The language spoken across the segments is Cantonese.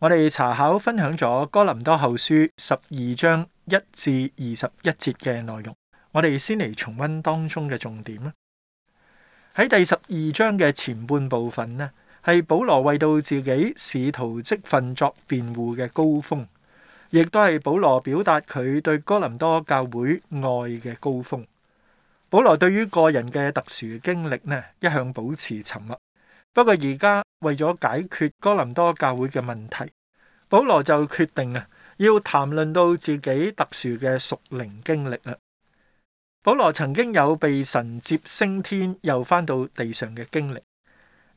我哋查考分享咗哥林多後書十二章一至二十一節嘅內容，我哋先嚟重温當中嘅重點啦。喺第十二章嘅前半部分呢，係保羅為到自己使徒職分作辯護嘅高峰，亦都係保羅表達佢對哥林多教會愛嘅高峰。保羅對於個人嘅特殊經歷呢，一向保持沉默。不過而家為咗解決哥林多教會嘅問題，保羅就決定啊，要談論到自己特殊嘅屬靈經歷啦。保羅曾經有被神接升天，又返到地上嘅經歷。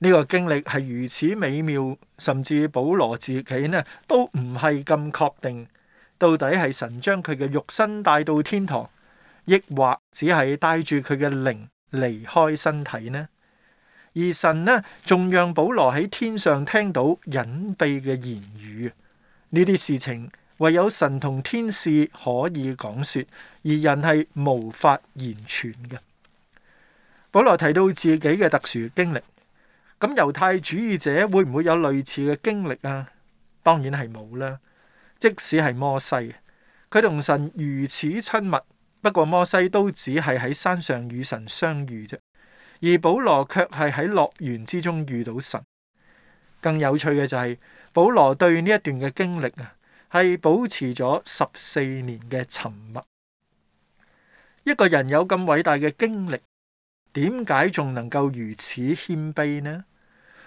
呢個經歷係如此美妙，甚至保羅自己呢都唔係咁確定，到底係神將佢嘅肉身帶到天堂，抑或只係帶住佢嘅靈離開身體呢？而神呢，仲讓保羅喺天上聽到隱秘嘅言語，呢啲事情唯有神同天使可以講說，而人係無法言傳嘅。保羅提到自己嘅特殊經歷，咁猶太主義者會唔會有類似嘅經歷啊？當然係冇啦。即使係摩西，佢同神如此親密，不過摩西都只係喺山上與神相遇啫。而保羅卻係喺樂園之中遇到神。更有趣嘅就係，保羅對呢一段嘅經歷啊，係保持咗十四年嘅沉默。一個人有咁偉大嘅經歷，點解仲能夠如此謙卑呢？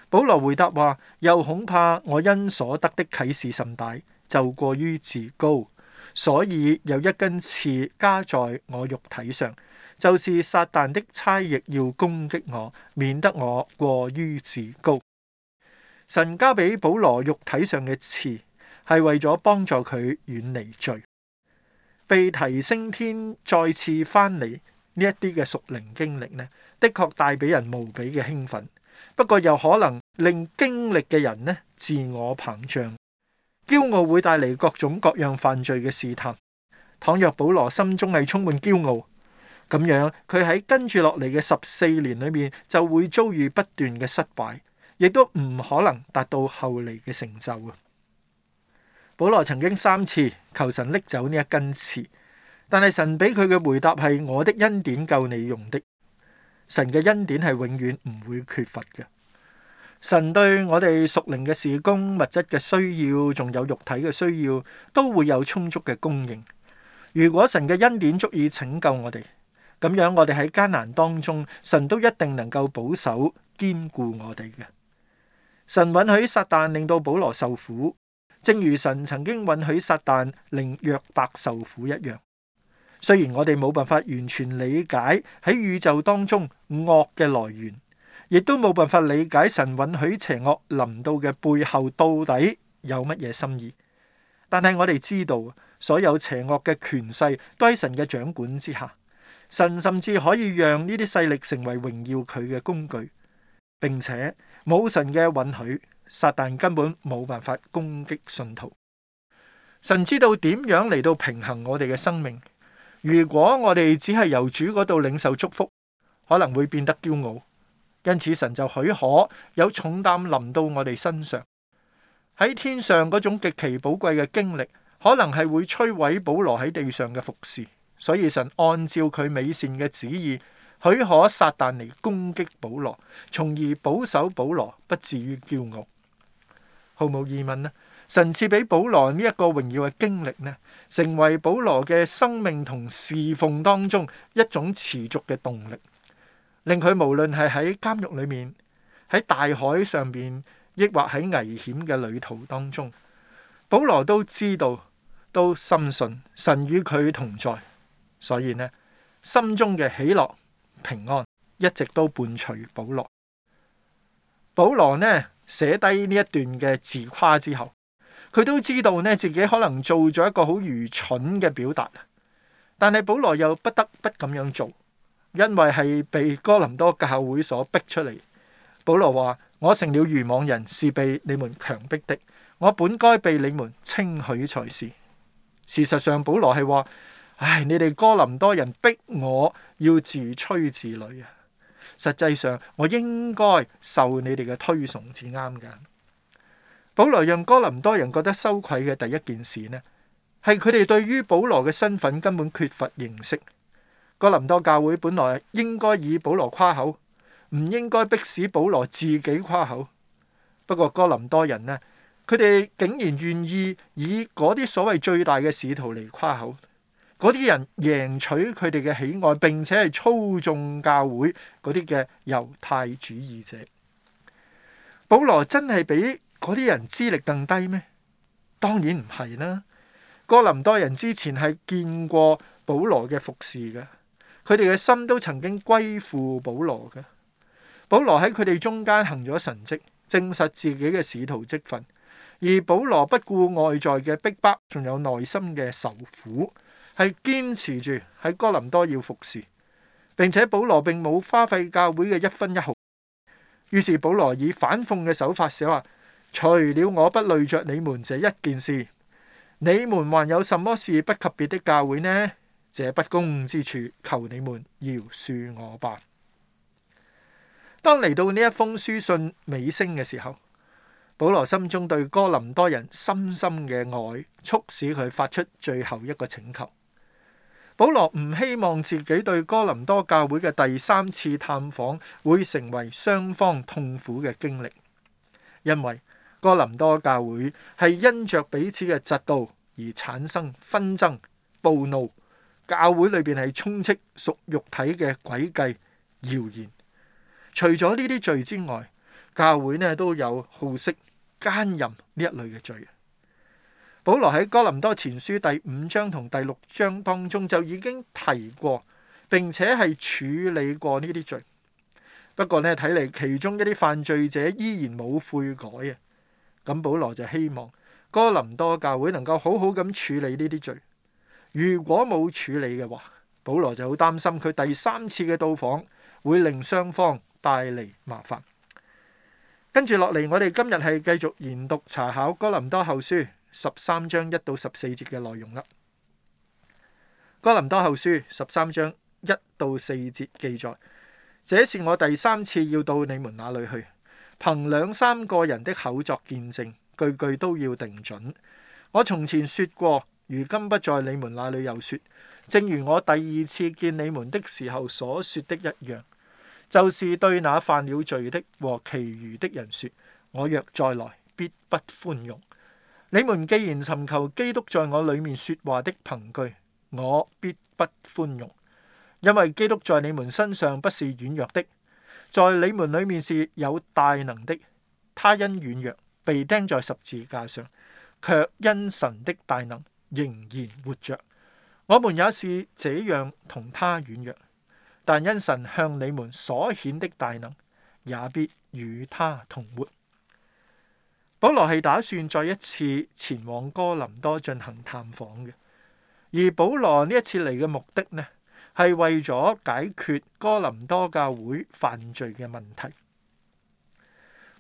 保羅回答話：又恐怕我因所得的啟示甚大，就過於自高，所以有一根刺加在我肉體上。就是撒旦的差役要攻擊我，免得我過於自高。神交俾保羅肉體上嘅刺，係為咗幫助佢遠離罪。被提升天，再次翻嚟呢一啲嘅屬靈經歷呢，的確帶俾人無比嘅興奮。不過又可能令經歷嘅人呢，自我膨脹，驕傲會帶嚟各種各樣犯罪嘅試探。倘若保羅心中係充滿驕傲。咁樣，佢喺跟住落嚟嘅十四年裏面，就會遭遇不斷嘅失敗，亦都唔可能達到後嚟嘅成就啊！保羅曾經三次求神拎走呢一根刺，但係神俾佢嘅回答係：我的恩典夠你用的。神嘅恩典係永遠唔會缺乏嘅。神對我哋屬靈嘅事工、物質嘅需要、仲有肉體嘅需要，都會有充足嘅供應。如果神嘅恩典足以拯救我哋。咁樣，我哋喺艱難當中，神都一定能夠保守、堅固我哋嘅。神允許撒但令到保羅受苦，正如神曾經允許撒但令約伯受苦一樣。雖然我哋冇辦法完全理解喺宇宙當中惡嘅來源，亦都冇辦法理解神允許邪惡臨到嘅背後到底有乜嘢心意，但係我哋知道所有邪惡嘅權勢都喺神嘅掌管之下。神甚至可以讓呢啲勢力成為榮耀佢嘅工具，並且冇神嘅允許，撒旦根本冇辦法攻擊信徒。神知道點樣嚟到平衡我哋嘅生命。如果我哋只係由主嗰度領受祝福，可能會變得驕傲。因此神就許可有重擔臨到我哋身上。喺天上嗰種極其寶貴嘅經歷，可能係會摧毀保羅喺地上嘅服侍。所以神按照佢美善嘅旨意，許可撒旦嚟攻擊保羅，從而保守保羅不至於驕傲。毫無疑問啦，神賜俾保羅呢一個榮耀嘅經歷呢，成為保羅嘅生命同侍奉當中一種持續嘅動力，令佢無論係喺監獄裏面、喺大海上邊，抑或喺危險嘅旅途當中，保羅都知道，都深信神與佢同在。所以呢，心中嘅喜樂平安一直都伴隨保羅。保羅呢，寫低呢一段嘅自誇之後，佢都知道呢，自己可能做咗一個好愚蠢嘅表達。但係保羅又不得不咁樣做，因為係被哥林多教會所逼出嚟。保羅話：我成了愚妄人，是被你們強迫的。我本該被你們稱許才是。事實上，保羅係話。唉，你哋哥林多人逼我要自吹自擂啊！實際上，我應該受你哋嘅推崇至啱㗎。保羅讓哥林多人覺得羞愧嘅第一件事呢，係佢哋對於保羅嘅身份根本缺乏認識。哥林多教會本來應該以保羅誇口，唔應該逼使保羅自己誇口。不過哥林多人呢，佢哋竟然願意以嗰啲所謂最大嘅使徒嚟誇口。嗰啲人贏取佢哋嘅喜愛，並且係操縱教會嗰啲嘅猶太主義者。保羅真係比嗰啲人資歷更低咩？當然唔係啦。哥林多人之前係見過保羅嘅服侍嘅，佢哋嘅心都曾經歸附保羅嘅。保羅喺佢哋中間行咗神跡，證實自己嘅使徒職分。而保羅不顧外在嘅逼迫，仲有內心嘅愁苦，係堅持住喺哥林多要服侍，並且保羅並冇花費教會嘅一分一毫。於是保羅以反諷嘅手法寫話：除了我不累着你們這一件事，你們還有什麼事不及別的教會呢？這不公之處，求你們饒恕我吧。當嚟到呢一封書信尾聲嘅時候，保羅心中對哥林多人深深嘅愛，促使佢發出最後一個請求。保羅唔希望自己對哥林多教會嘅第三次探訪會成為雙方痛苦嘅經歷，因為哥林多教會係因着彼此嘅嫉妒而產生紛爭、暴怒，教會裏邊係充斥屬肉體嘅詭計、謠言。除咗呢啲罪之外，教會呢都有好色、奸淫呢一類嘅罪。保羅喺哥林多前書第五章同第六章當中就已經提過，並且係處理過呢啲罪。不過呢，睇嚟其中一啲犯罪者依然冇悔改啊。咁保羅就希望哥林多教會能夠好好咁處理呢啲罪。如果冇處理嘅話，保羅就好擔心佢第三次嘅到訪會令雙方帶嚟麻煩。跟住落嚟，我哋今日係繼續研讀查考哥林多後書。十三章一到十四節嘅內容啦。哥林多後書十三章一到四節記載：這是我第三次要到你們那裏去，憑兩三個人的口作見證，句句都要定準。我從前說過，如今不在你們那裏又說，正如我第二次見你們的時候所說的一樣，就是對那犯了罪的和其餘的人說：我若再來，必不寬容。你們既然尋求基督在我裏面説話的憑據，我必不寬容。因為基督在你們身上不是軟弱的，在你們裏面是有大能的。他因軟弱被釘在十字架上，卻因神的大能仍然活着。我們也是這樣同他軟弱，但因神向你們所顯的大能，也必與他同活。保羅係打算再一次前往哥林多進行探訪嘅，而保羅呢一次嚟嘅目的呢，係為咗解決哥林多教會犯罪嘅問題。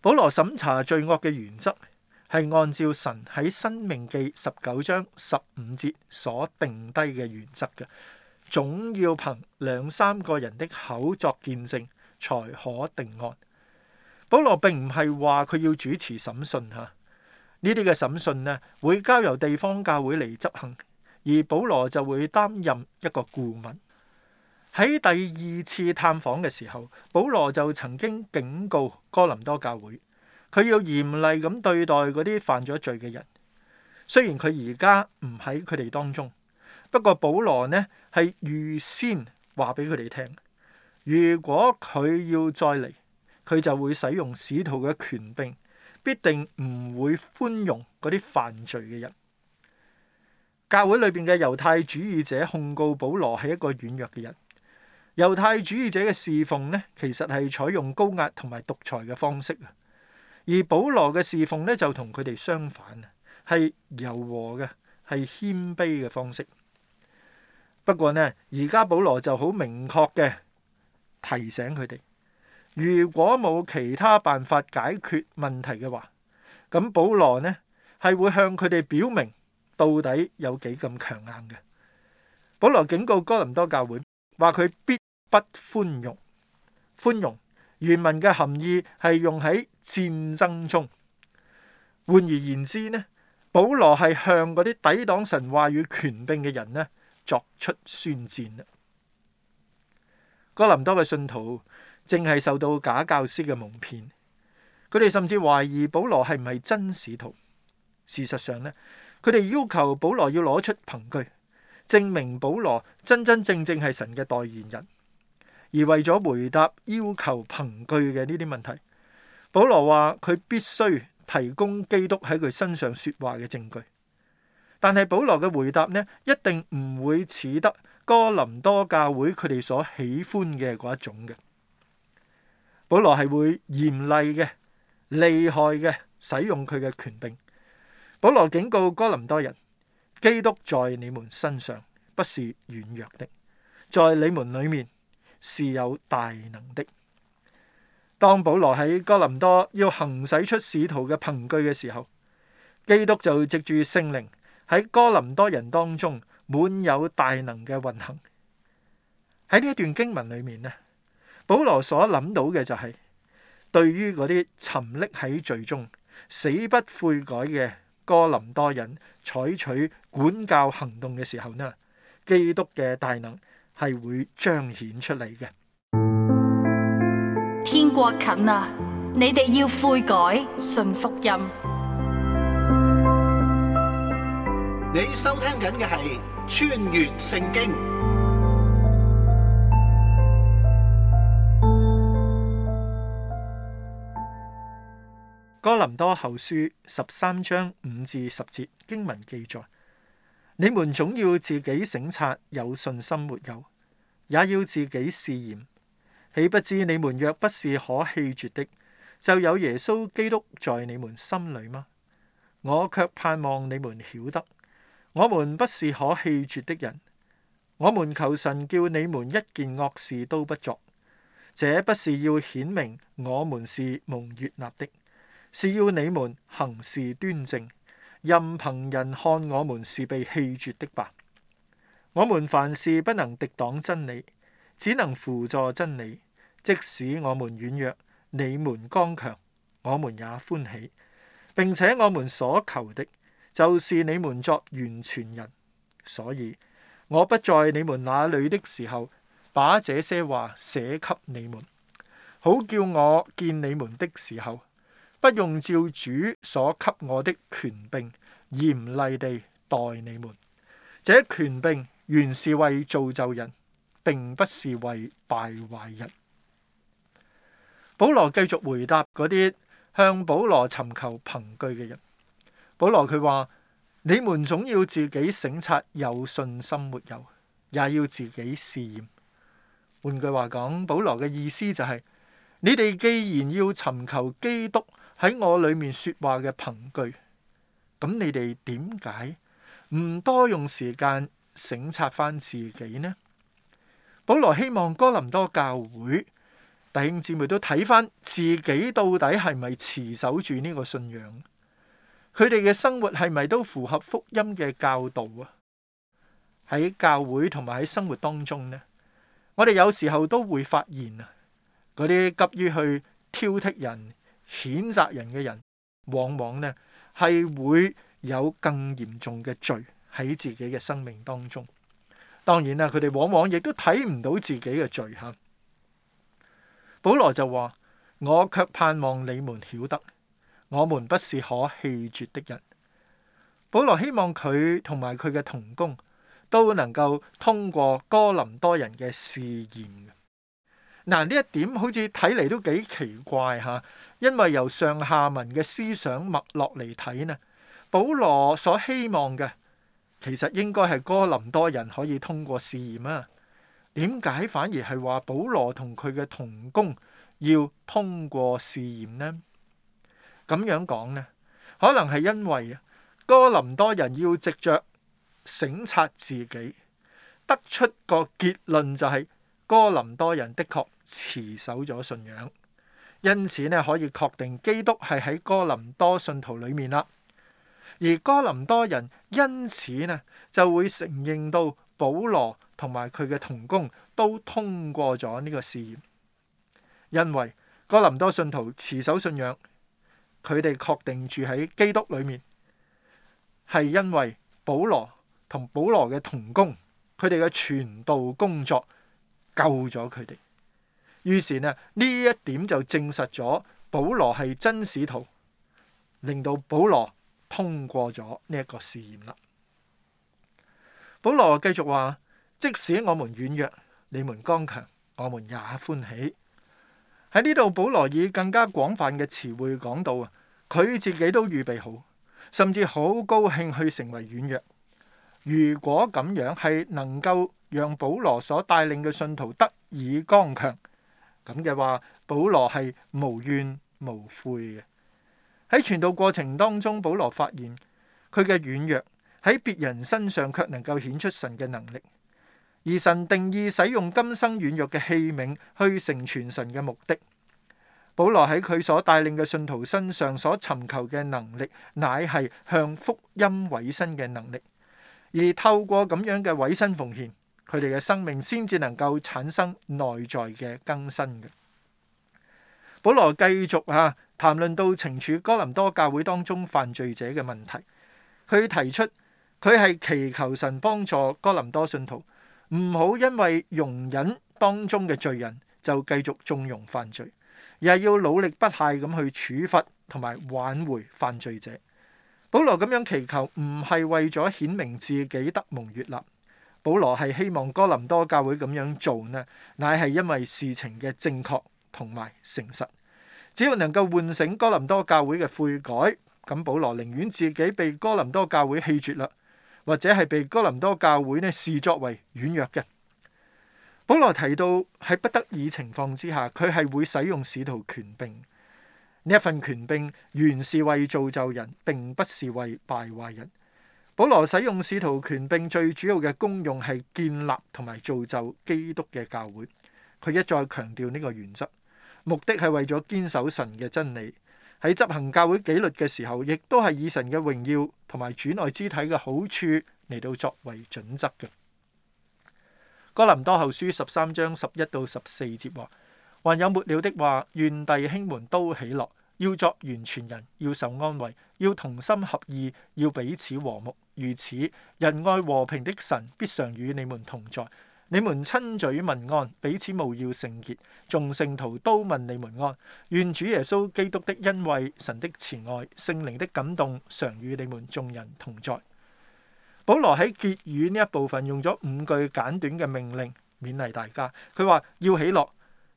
保羅審查罪惡嘅原則係按照神喺申命記十九章十五節所定低嘅原則嘅，總要憑兩三個人的口作見證，才可定案。保羅並唔係話佢要主持審訊吓，呢啲嘅審訊呢，會交由地方教會嚟執行，而保羅就會擔任一個顧問。喺第二次探訪嘅時候，保羅就曾經警告哥林多教會，佢要嚴厲咁對待嗰啲犯咗罪嘅人。雖然佢而家唔喺佢哋當中，不過保羅呢係預先話俾佢哋聽，如果佢要再嚟。佢就會使用使徒嘅權柄，必定唔會寬容嗰啲犯罪嘅人。教會裏邊嘅猶太主義者控告保羅係一個軟弱嘅人。猶太主義者嘅侍奉呢，其實係採用高壓同埋獨裁嘅方式。而保羅嘅侍奉呢，就同佢哋相反啊，係柔和嘅，係謙卑嘅方式。不過呢，而家保羅就好明確嘅提醒佢哋。如果冇其他辦法解決問題嘅話，咁保羅呢係會向佢哋表明到底有幾咁強硬嘅。保羅警告哥林多教會，話佢必不寬容。寬容原文嘅含義係用喺戰爭中。換而言之呢，保羅係向嗰啲抵擋神話與權柄嘅人呢作出宣戰啦。哥林多嘅信徒。正係受到假教師嘅蒙騙，佢哋甚至懷疑保羅係唔係真使徒。事實上呢，佢哋要求保羅要攞出憑據，證明保羅真真正正係神嘅代言人。而為咗回答要求憑據嘅呢啲問題，保羅話佢必須提供基督喺佢身上說話嘅證據。但係保羅嘅回答呢，一定唔會似得哥林多教會佢哋所喜歡嘅嗰一種嘅。保羅係會嚴厲嘅、厲害嘅使用佢嘅權柄。保羅警告哥林多人：基督在你們身上不是軟弱的，在你們裏面是有大能的。當保羅喺哥林多要行使出使徒嘅憑據嘅時候，基督就藉住聖靈喺哥林多人當中滿有大能嘅運行。喺呢一段經文裏面呢，保羅所諗到嘅就係，對於嗰啲沉溺喺罪中、死不悔改嘅哥林多人，採取管教行動嘅時候呢，基督嘅大能係會彰顯出嚟嘅。天國近啦，你哋要悔改，信福音。你收聽緊嘅係穿越聖經。哥林多後書十三章五至十節經文記載：你們總要自己省察，有信心沒有？也要自己試驗。豈不知你們若不是可棄絕的，就有耶穌基督在你們心裏嗎？我卻盼望你們曉得，我們不是可棄絕的人。我們求神叫你們一件惡事都不作。這不是要顯明我們是蒙悅納的。是要你們行事端正，任憑人看我們是被棄絕的吧。我們凡事不能敵擋真理，只能輔助真理。即使我們軟弱，你們剛強，我們也歡喜，並且我們所求的，就是你們作完全人。所以我不在你們那裏的時候，把這些話寫給你們，好叫我見你們的時候。不用照主所給我的權柄嚴厲地待你們，這權柄原是為造就人，並不是為敗壞人。保羅繼續回答嗰啲向保羅尋求憑據嘅人，保羅佢話：你們總要自己省察，有信心沒有，也要自己試驗。換句話講，保羅嘅意思就係、是：你哋既然要尋求基督。喺我裏面說話嘅憑據，咁你哋點解唔多用時間省察翻自己呢？保羅希望哥林多教會弟兄姊妹都睇翻自己到底係咪持守住呢個信仰，佢哋嘅生活係咪都符合福音嘅教導啊？喺教會同埋喺生活當中呢，我哋有時候都會發現啊，嗰啲急於去挑剔人。譴責人嘅人，往往呢係會有更嚴重嘅罪喺自己嘅生命當中。當然啦，佢哋往往亦都睇唔到自己嘅罪行。保羅就話：我卻盼望你們曉得，我們不是可棄絕的人。保羅希望佢同埋佢嘅同工都能夠通過哥林多人嘅試驗。嗱，呢一點好似睇嚟都幾奇怪吓，因為由上下文嘅思想脈絡嚟睇呢，保羅所希望嘅其實應該係哥林多人可以通過試驗啊。點解反而係話保羅同佢嘅同工要通過試驗呢？咁樣講呢，可能係因為哥林多人要藉着省察自己，得出個結論就係、是。哥林多人的確持守咗信仰，因此咧可以確定基督係喺哥林多信徒裏面啦。而哥林多人因此咧就會承認到保羅同埋佢嘅同工都通過咗呢個試驗，因為哥林多信徒持守信仰，佢哋確定住喺基督裏面，係因為保羅同保羅嘅同工，佢哋嘅傳道工作。救咗佢哋，於是呢呢一點就證實咗保羅係真使徒，令到保羅通過咗呢一個試驗啦。保羅繼續話：即使我們軟弱，你們剛強，我們也歡喜。喺呢度，保羅以更加廣泛嘅詞彙講到啊，佢自己都預備好，甚至好高興去成為軟弱。如果咁樣係能夠。讓保羅所帶領嘅信徒得以剛強，咁嘅話，保羅係無怨無悔嘅。喺傳道過程當中，保羅發現佢嘅軟弱喺別人身上卻能夠顯出神嘅能力，而神定意使用今生軟弱嘅器皿去成全神嘅目的。保羅喺佢所帶領嘅信徒身上所尋求嘅能力，乃係向福音委身嘅能力，而透過咁樣嘅委身奉獻。佢哋嘅生命先至能夠產生內在嘅更新嘅。保羅繼續啊，談論到懲處哥林多教會當中犯罪者嘅問題。佢提出佢係祈求神幫助哥林多信徒，唔好因為容忍當中嘅罪人就繼續縱容犯罪，而係要努力不懈咁去處罰同埋挽回犯罪者。保羅咁樣祈求唔係為咗顯明自己得蒙悅納。保羅係希望哥林多教會咁樣做呢，乃係因為事情嘅正確同埋誠實。只要能夠喚醒哥林多教會嘅悔改，咁保羅寧願自己被哥林多教會棄絕嘞，或者係被哥林多教會呢視作為軟弱嘅。保羅提到喺不得已情況之下，佢係會使用使徒權柄。呢一份權柄原是為造就人，並不是為敗壞人。保羅使用使徒權柄最主要嘅功用係建立同埋造就基督嘅教會，佢一再強調呢個原則，目的係為咗堅守神嘅真理。喺執行教會紀律嘅時候，亦都係以神嘅榮耀同埋主內肢體嘅好處嚟到作為準則嘅。哥林多後書十三章十一到十四節話：還有末了的話，願弟兄們都喜樂。要作完全人，要受安慰，要同心合意，要彼此和睦。如此，仁愛和平的神必常與你們同在。你們親嘴問安，彼此無要聖潔，眾聖徒都問你們安。願主耶穌基督的恩惠、神的慈愛、聖靈的感動，常與你們眾人同在。保羅喺結語呢一部分用咗五句簡短嘅命令勉勵大家。佢話，要喜樂，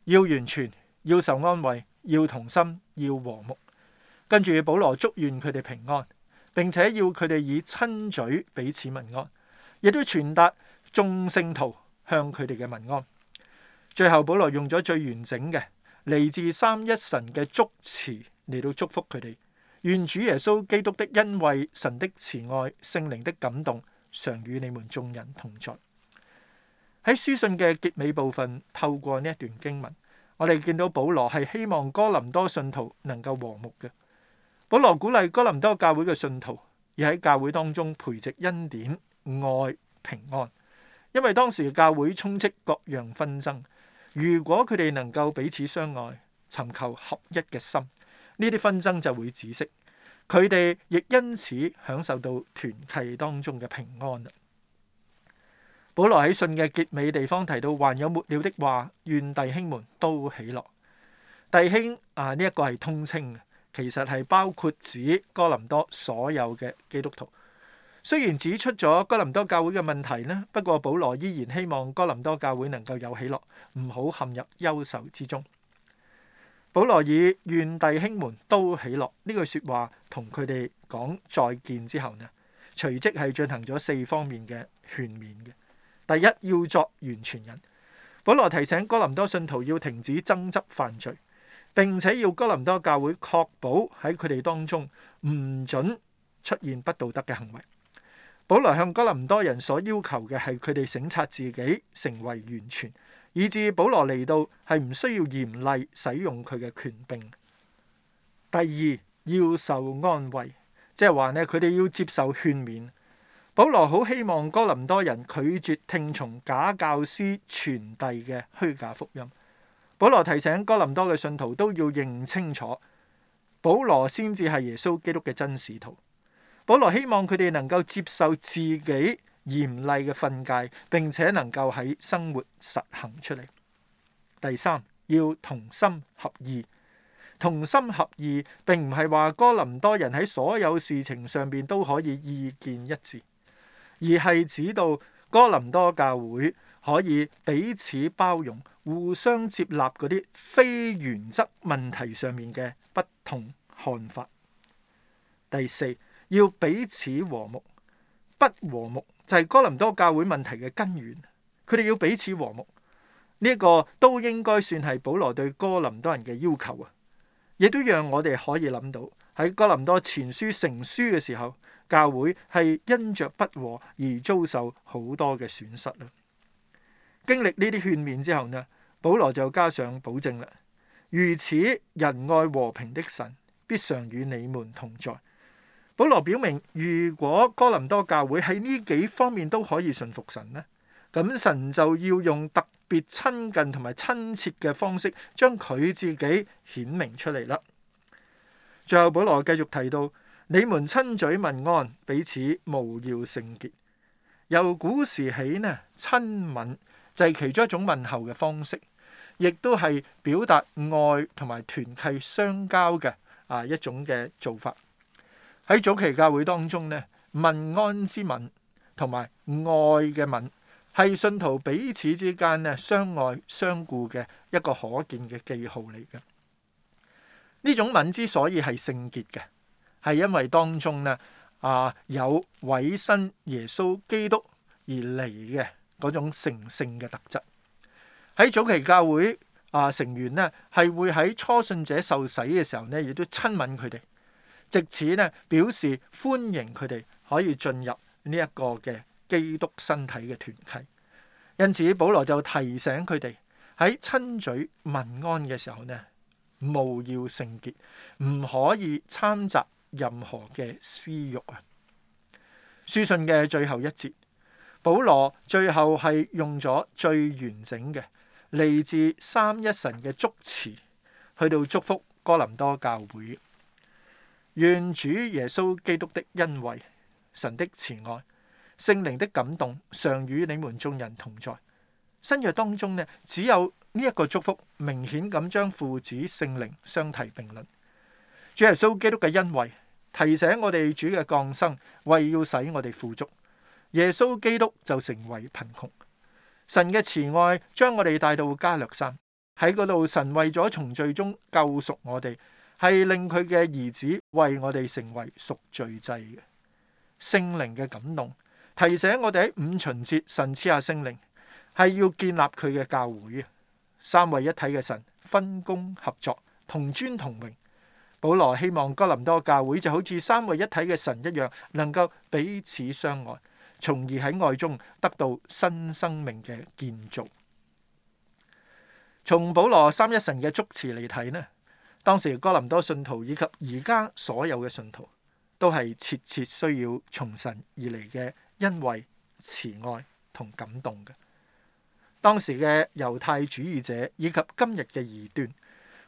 要完全，要受安慰。要同心，要和睦。跟住，保羅祝願佢哋平安，並且要佢哋以親嘴彼此問安，亦都傳達眾聖徒向佢哋嘅問安。最後，保羅用咗最完整嘅、嚟自三一神嘅祝詞嚟到祝福佢哋，願主耶穌基督的恩惠、神的慈愛、聖靈的感動，常與你們眾人同在。喺書信嘅結尾部分，透過呢一段經文。我哋見到保羅係希望哥林多信徒能夠和睦嘅。保羅鼓勵哥林多教會嘅信徒，而喺教會當中培植恩典、愛、平安。因為當時教會充斥各樣紛爭，如果佢哋能夠彼此相愛，尋求合一嘅心，呢啲紛爭就會止息。佢哋亦因此享受到團契當中嘅平安。保羅喺信嘅結尾地方提到，還有末了的話，願弟兄們都喜樂。弟兄啊，呢、這、一個係通稱，其實係包括指哥林多所有嘅基督徒。雖然指出咗哥林多教會嘅問題咧，不過保羅依然希望哥林多教會能夠有喜樂，唔好陷入憂愁之中。保羅以願弟兄們都喜樂呢句說話同佢哋講再見之後咧，隨即係進行咗四方面嘅勸勉嘅。第一，要作完全人。保羅提醒哥林多信徒要停止爭執犯罪，並且要哥林多教會確保喺佢哋當中唔准出現不道德嘅行為。保羅向哥林多人所要求嘅係佢哋省察自己，成為完全，以致保羅嚟到係唔需要嚴厲使用佢嘅權柄。第二，要受安慰，即係話咧，佢哋要接受勸勉。保羅好希望哥林多人拒絕聽從假教師傳遞嘅虛假福音。保羅提醒哥林多嘅信徒都要認清楚，保羅先至係耶穌基督嘅真使徒。保羅希望佢哋能夠接受自己嚴厲嘅訓誡，並且能夠喺生活實行出嚟。第三，要同心合意。同心合意，並唔係話哥林多人喺所有事情上邊都可以意見一致。而係指到哥林多教會可以彼此包容、互相接納嗰啲非原則問題上面嘅不同看法。第四，要彼此和睦，不和睦就係哥林多教會問題嘅根源。佢哋要彼此和睦，呢、這、一個都應該算係保羅對哥林多人嘅要求啊！亦都讓我哋可以諗到喺哥林多前書成書嘅時候。教會係因着不和而遭受好多嘅損失啦。經歷呢啲勸勉之後呢，保羅就加上保證啦。如此仁愛和平的神，必常與你們同在。保羅表明，如果哥林多教會喺呢幾方面都可以順服神呢，咁神就要用特別親近同埋親切嘅方式，將佢自己顯明出嚟啦。最後，保羅繼續提到。你們親嘴問安，彼此務要聖潔。由古時起呢，親吻就係、是、其中一種問候嘅方式，亦都係表達愛同埋團契相交嘅啊一種嘅做法。喺早期教會當中呢，問安之吻同埋愛嘅吻係信徒彼此之間呢相愛相顧嘅一個可見嘅記號嚟嘅。呢種吻之所以係聖潔嘅。係因為當中咧啊，有委身耶穌基督而嚟嘅嗰種成聖嘅特質。喺早期教會啊，成員咧，係會喺初信者受洗嘅時候咧，亦都親吻佢哋，藉此咧表示歡迎佢哋可以進入呢一個嘅基督身體嘅團契。因此，保羅就提醒佢哋喺親嘴問安嘅時候咧，務要聖潔，唔可以參雜。任何嘅私欲啊！書信嘅最後一節，保羅最後係用咗最完整嘅嚟自三一神嘅祝詞，去到祝福哥林多教會。願主耶穌基督的恩惠、神的慈愛、聖靈的感動，常與你們眾人同在。新約當中呢，只有呢一個祝福，明顯咁將父子聖靈相提並論。主耶穌基督嘅恩惠。提醒我哋主嘅降生，為要使我哋富足，耶穌基督就成為貧窮。神嘅慈愛將我哋帶到加略山，喺嗰度神為咗從罪中救贖我哋，係令佢嘅兒子為我哋成為贖罪祭嘅。聖靈嘅感動，提醒我哋喺五旬節神賜下聖靈，係要建立佢嘅教會嘅。三位一體嘅神分工合作，同尊同榮。保羅希望哥林多教會就好似三位一體嘅神一樣，能夠彼此相愛，從而喺愛中得到新生命嘅建造。從保羅三一神嘅祝詞嚟睇呢，當時哥林多信徒以及而家所有嘅信徒，都係切切需要從神而嚟嘅恩惠、慈愛同感動嘅。當時嘅猶太主義者以及今日嘅異端，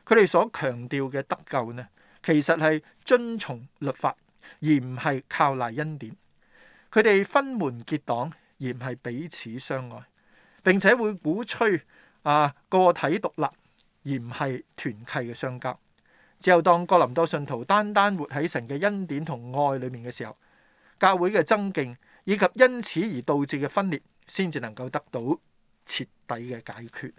佢哋所強調嘅得救呢？其實係遵從律法，而唔係靠賴恩典。佢哋分門結黨，而唔係彼此相愛。並且會鼓吹啊個體獨立，而唔係團契嘅相交。只有當哥林多信徒單單活喺神嘅恩典同愛裏面嘅時候，教會嘅增勁以及因此而導致嘅分裂，先至能夠得到徹底嘅解決。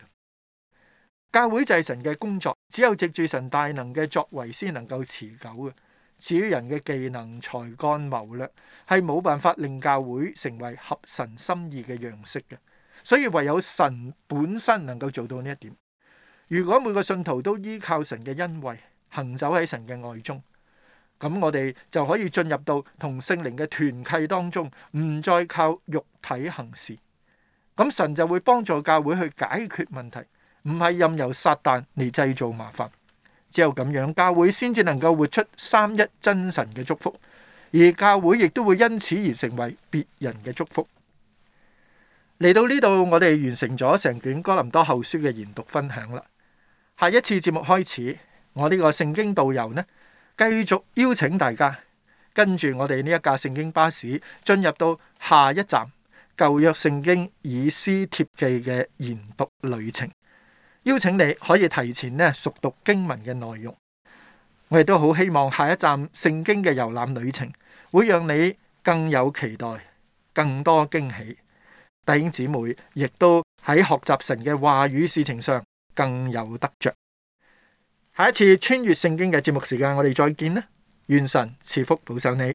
教會就係神嘅工作，只有藉住神大能嘅作為，先能夠持久嘅。至於人嘅技能、才幹、謀略，係冇辦法令教會成為合神心意嘅樣式嘅。所以唯有神本身能夠做到呢一點。如果每個信徒都依靠神嘅恩惠，行走喺神嘅愛中，咁我哋就可以進入到同聖靈嘅團契當中，唔再靠肉體行事。咁神就會幫助教會去解決問題。唔係任由撒旦嚟製造麻煩，只有咁樣教會先至能夠活出三一真神嘅祝福，而教會亦都會因此而成為別人嘅祝福。嚟到呢度，我哋完成咗成卷《哥林多後書》嘅研讀分享啦。下一次節目開始，我呢個聖經導遊呢，繼續邀請大家跟住我哋呢一架聖經巴士，進入到下一站，舊約聖經以斯帖記嘅研讀旅程。邀請你可以提前呢熟讀經文嘅內容，我亦都好希望下一站聖經嘅遊覽旅程會讓你更有期待，更多驚喜。弟兄姊妹亦都喺學習神嘅話語事情上更有得着。下一次穿越聖經嘅節目時間，我哋再見啦！願神賜福保守你。